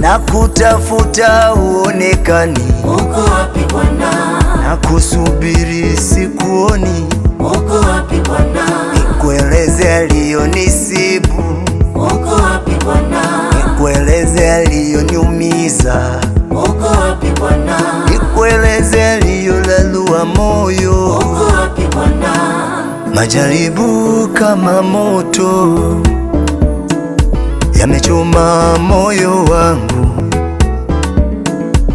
na kutafuta uonekani, uko wapi Bwana? Na kusubiri sikuoni, uko wapi Bwana? Nikueleze yaliyonisibu, uko wapi Bwana? Nikueleze yaliyoniumiza, uko wapi Bwana? Nikueleze yaliyolalua moyo, uko wapi Bwana? Majaribu kama moto yamechoma moyo wangu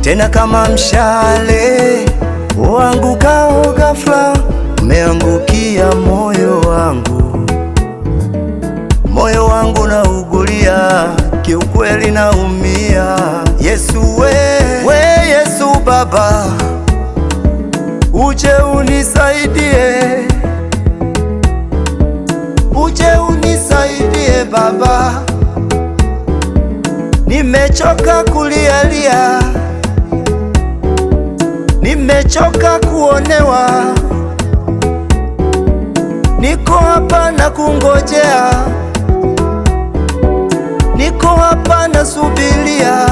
tena kama mshale waangukao ghafla, umeangukia moyo wangu, moyo wangu na ugulia, kiukweli na umia. Yesu we, we Yesu Baba, uje unisaidie, uje unisaidie Baba, nimechoka kulialia nimechoka kuonewa, niko hapa na kungojea, niko hapa na subilia,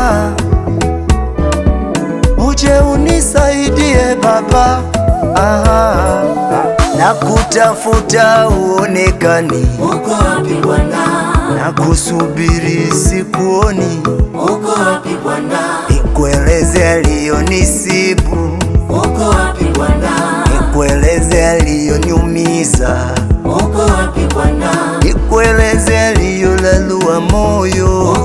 uje unisaidie Baba. Aha, na kutafuta uonekani, uko wapi Bwana? Na kusubiri sikuoni, uko wapi Bwana? Nikueleze aliyonisibu nikueleze yaliyoniumiza, nikueleze aliyolalua moyo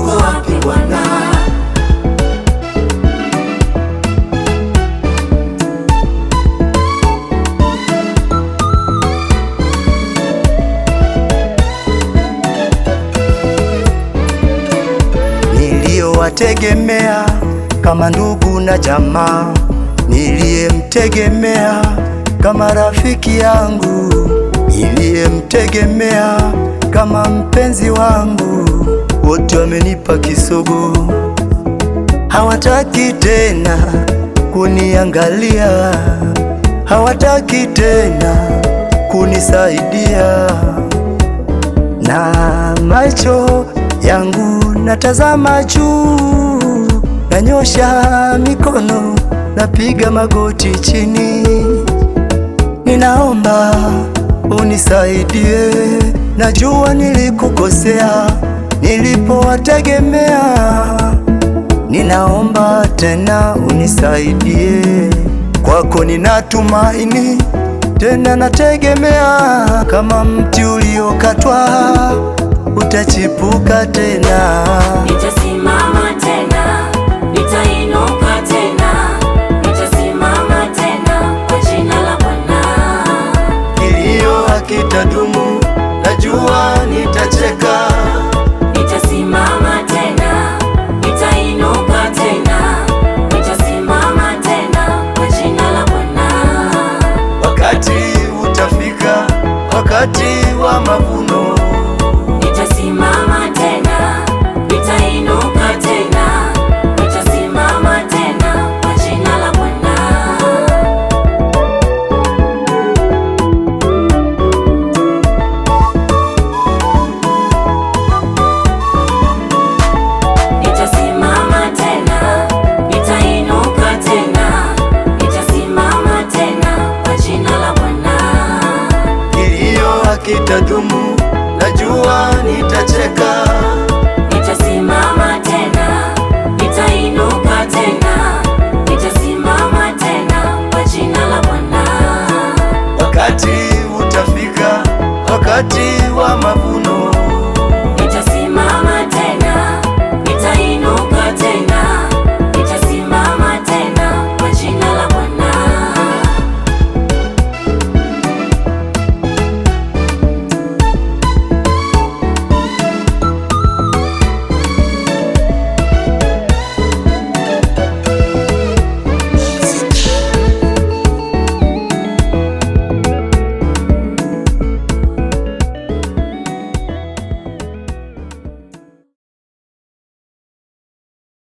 niliyowategemea kama ndugu na jamaa niliyemtegemea kama rafiki yangu, niliyemtegemea kama mpenzi wangu, wote wamenipa kisogo, hawataki tena kuniangalia, hawataki tena kunisaidia na macho yangu natazama juu, nanyosha mikono napiga magoti chini, ninaomba unisaidie. Najua nilikukosea nilipowategemea, ninaomba tena unisaidie. Kwako ninatumaini tena nategemea, kama mti uliokatwa utachipuka tena. wakati wa mavuno. itadumu, najua nitacheka, nitasimama tena, nitainuka tena, nitasimama tena kwa jina la Bwana. Wakati utafika, wakati wa mavuno